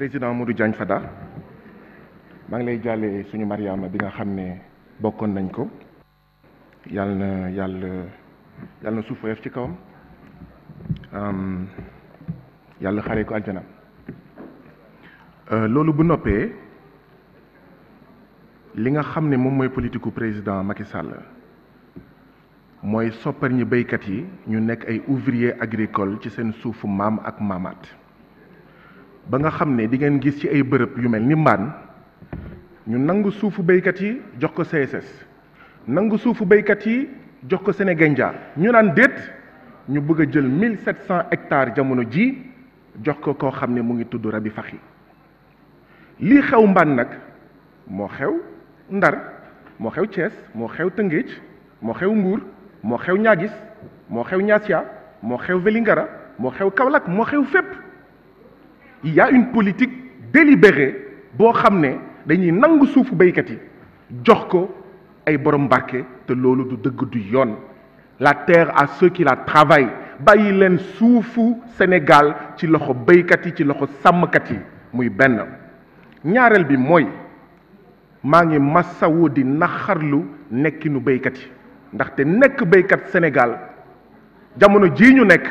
président Modou Diagne Fada maa ngi lay jàllee suñu Mariama bi nga xam ne bokkoon nañ ko yàlla na yàlla yàlla na suuf woyof ci kawam yàlla xaree ko aljana euh, loolu bu noppee li nga xam ne moom mooy politiku président Macky sàll mooy soppar ñi béykat yi ñu nekk ay ouvrier agricole ci seen suufu maam ak maamaat ba nga xam ne di ngeen gis ci ay bërëb yu mel ni mbaan ñu nangu suufu béykat yi jox ko CSS nangu suufu béykat yi jox ko sene Sénégindia ñu naan déet ñu bëgg a jël mille sept cent hectares jamono ji jox ko koo xam ne mu ngi tudd Rabi yi lii xew mbaan nag moo xew Ndar moo xew Thiès moo xew Tëngéej moo xew Mbuur moo xew Ñaagis moo xew Ñaasia moo xew Vélingara moo xew Kaolack moo xew fépp il y a une politique délibérée boo xam ne dañuy nangu suufu béykat yi jox ko ay borom barke te loolu du dëgg du yoon la terre à ceux la travaillent bàyyi leen suufu Sénégal ci loxo béykat yi ci loxo sàmmkat yi muy benn ñaareel bi mooy maa ngi massawu di naxarlu nekkinu béykat yi ndaxte nekk béykat Sénégal jamono jii ñu nekk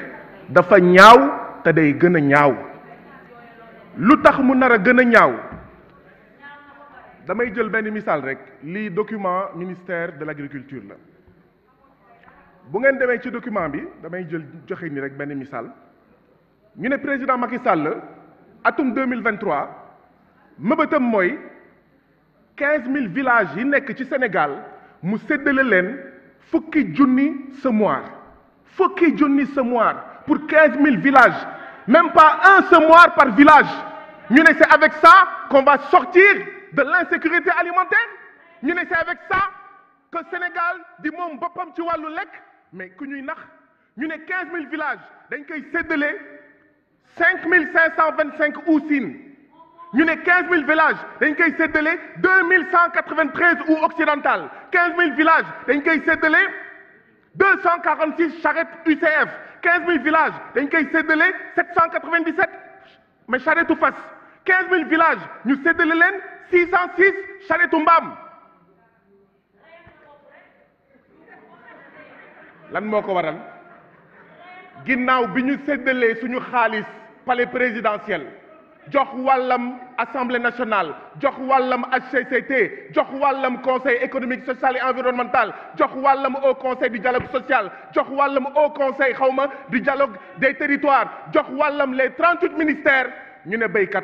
dafa ñaaw te day gën a ñaaw lu tax mu nar a gën a ñaaw damay jël benn missal rek lii document ministère de l'agriculture la bu ngeen demee ci document bi damay jël joxe ni rek benn missal ñu ne président Macky Sall atum deux mille vingt-trois mooy quinze mille villages yi nekk ci Sénégal mu séddale leen fukki junni semoir fukki junni semoir pour quinze mille villages même pas un semoir par village ñu ne c'est avec ça qu'on va sortir de l'insécurité alimentaire ñu ne c'est avec ça que Sénégal di moom boppam ci wàllu lekk mais ku ñuy nax ñu ne 15000 villages dañ koy séddale 5525 Oussine ñu ne 15000 villages dañ koy séddale 2193 ou occidental 15000 villages dañ koy séddale 246 charrettes UCF 15000 villages dañ koy séddale 797 mais charrette fas quinze mille village ñu séddale leen six cent six charrette mbaam lan moo ko waral ginnaaw bi ñu séddalee suñu xaalis palais présidentiel jox wàllam assemblée nationale jox wàllam HCCT jox wàllam conseil économique social et environnemental jox wàllam haut conseil du dialogue social jox wàllam haut conseil xawma du dialogue des territoires jox wàllam les trente-huit ministères ñu ne béykat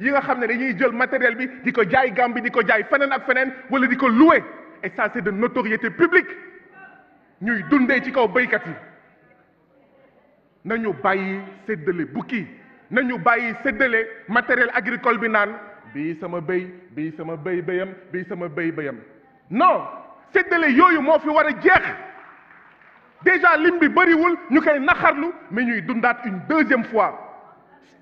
yi nga xam ne dañuy jël matériel bi di ko jaay Gambie di ko jaay feneen ak feneen wala di ko louer et ça c'est de notoriété publique ñuy dundee ci kaw baykat yi nañu bàyyi séddale bukki nañu bàyyi séddale matériel agricole bi naan bi sama bay bi sama bay bayam bi sama bay bayam non séddale yooyu moo fi war a jeex déjà lim bi bëriwul ñu koy naxarlu mais ñuy dundaat une deuxième fois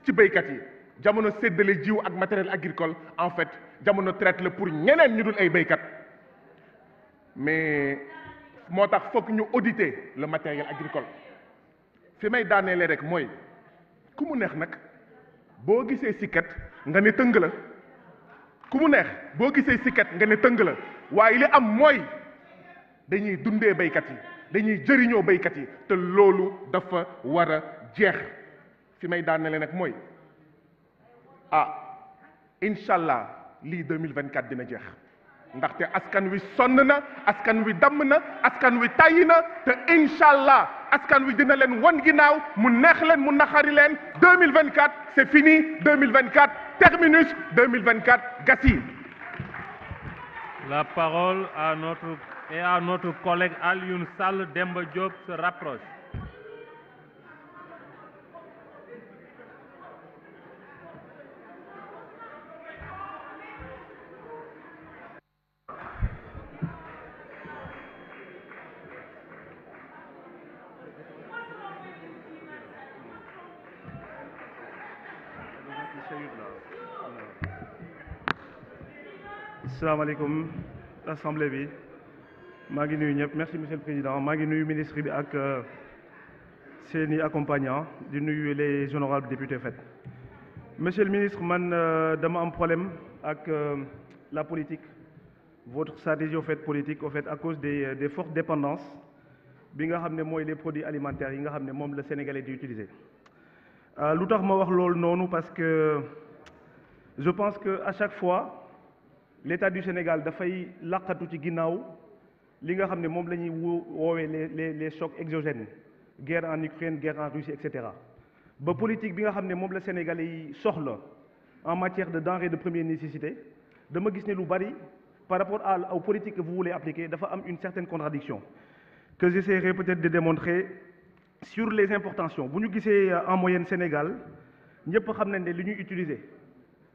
ci béykat yi jamono séddale jiw ak matériel agricole en fait jamono traite la pour ñeneen ñu dul ay béykat mais moo tax fokk ñu auditer le matériel agricole fi may daaneele rek mooy ku mu neex nag boo gisee sikkat nga ne tëng la ku mu neex boo gisee sikkat nga ne tëng la waaye li am mooy dañuy dundee baykat yi dañuy jëriñoo baykat yi te loolu dafa war a jeex fi may daaneele nag mooy ah incha allah lii 2024 dina jeex ndaxte askan wi sonn na askan wi damm na askan wi tàyyi na te incha allah askan wi dina leen wan ginnaaw mu neex leen mu naxari leen 2024 c'est fini 2024 terminus 2024 gassi. La parole à notre et à notre collègue Alioune Sall Demba Diop se rapproche. asalaamaaleykum assemblée bi maa ngi nuyu ñëpp merci monsieur le président maa ngi nuyu ministre bi ak euh, seeni accompagnant di nuyu les honorables députés fait monsieur le ministre man euh, dama am problème ak euh, la politique votre stratégie au fait politique au fait à cause des des fortes dépendances bi nga xam ne mooy les produits alimentaires yi nga xam ne moom la sénégalais di utiliser lu tax ma wax loolu noonu parce que je pense que à chaque fois l'état du Sénégal dafay làqatu ci ginnaaw li nga xam ne moom la ñuy woowee les les les chocs exogènes guerre en Ukraine guerre en Russie et cetera ba politique bi nga xam ne moom la Sénégalais soxla en matière de denrées de première nécessité dama gis ne lu bari par rapport à aux politiques que vous voulez appliquer dafa am une certaine contradiction que j'essaierai peut-être de démontrer sur les importations bu ñu gisee euh, en moyenne Sénégal ñëpp xam nañ ne li ñuy utiliser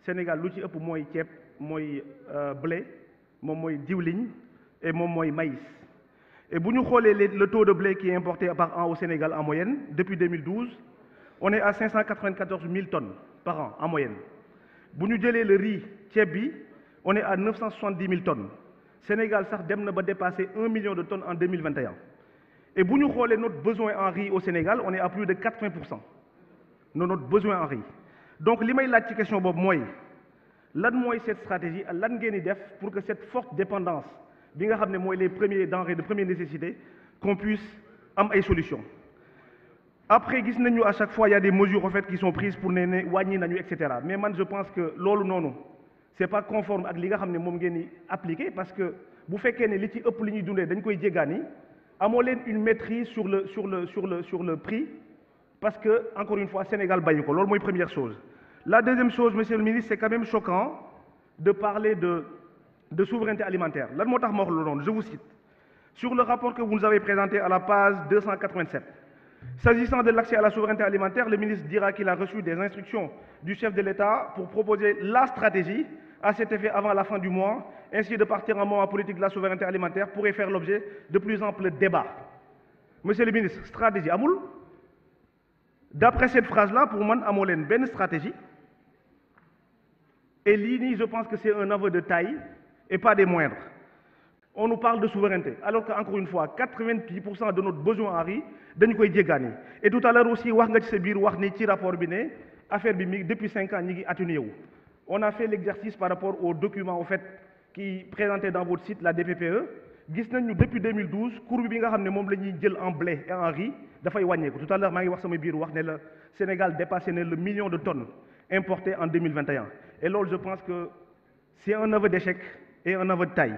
Sénégal lu ci ëpp mooy ceeb. mooy euh, blé moom mooy diwliñ et moom mooy maïs et bu ñu xoolee le taux de blé qui est importé par an au Sénégal en moyenne depuis on est à 594 000 tonnes par an en moyenne bu ñu jëlee le riz ceeb bi on est à 970 000 tonnes Sénégal sax dem na ba dépasser un million de tonnes en 2021 et bu ñu xoolee notre besoin en riz au Sénégal on est à plus de 80 pour cent de notre besoin en riz donc li may laaj ci question boobu mooy. lan mooy cette stratégie lan ngeen di def pour que cette forte dépendance bi nga xam ne mooy les premiers denrées de première nécessité qu'on puisse am ay solution après gis nañu à chaque fois il y a des mesures en fait qui sont prises pour ne ne nañu et mais man je pense que loolu noonu c'est pas conforme ak li nga xam ne moom ngeen di parce que bu fekkee ne li ci ëpp li ñuy dundee dañ koy jéggaani amoo leen une maîtrise sur le sur le sur le sur le prix parce que encore fois Sénégal bàyyi ko loolu mooy première chose La deuxième chose, monsieur le ministre, c'est quand même choquant de parler de, de souveraineté alimentaire. Là, je vous cite. Sur la page 287, S'agissant de l'accès à la souveraineté alimentaire, le ministre dira a reçu des instructions du chef de l'État pour la stratégie avant la fin du mois, ainsi de partir en moment politique de la souveraineté alimentaire pourrait faire l'objet de plus amples débats. Monsieur le ministre, stratégie Amoul D'après cette phrase-là, pour moi, Amolène, Et l'INI, je pense que c'est un aveu de taille et pas des moindres. On nous parle de souveraineté, alors qu'encore une fois, de notre besoin en riz, dañ koy jéggaani et tout à l'heure aussi wax nga ci sa biir wax ni ci rapport bi ne affaire bi mi depuis cinq ans ñi ngi atténué wu on a fait l'exercice par rapport au document au fait qui présenté dans votre site la DPPE gis nañu depuis 2012 bi nga xam ne moom la ñuy jël en blé et en riz dafay wàññeeku biir wax ne la Sénégal dépassé na le million de tonnes importées en 2021 et loolu je pense que c'est un aveu d'échec et un aveu de taille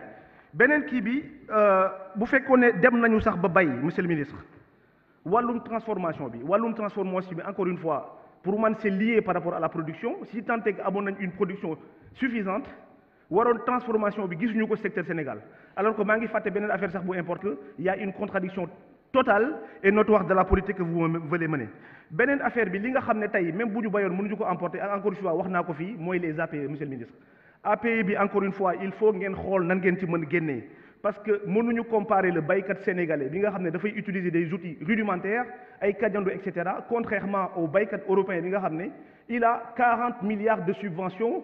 beneen kii bi euh, bu fekkoon ne dem nañu sax ba bay monsieur le ministre wàllum transformation bi wàllum transformation bi encore une fois pour man c'est lié par rapport à la production si tant est que amoon nañ une production suffisante waroon transformation bi gisuñu ko secteur Sénégal alors que maa ngi fàtte beneen affaire sax bo importe il y a une contradiction totale et notoire de la politique que vous voulez mener beneen affaire bi li nga xam ne tey même bu ñu bayoon mënuñu ko emporter encore une fois wax naa ko fii mooy les APE monsieur le ministre APE bi encore une fois il faut ngeen xool nan ngeen ci mën génnee parce que mënuñu comparer le baykat sénégalais bi nga xam ne dafay utiliser des outils rudimentaires ay kajandu et cetera contrairement au baykat européen bi nga xam ne il a 40 milliards de subventions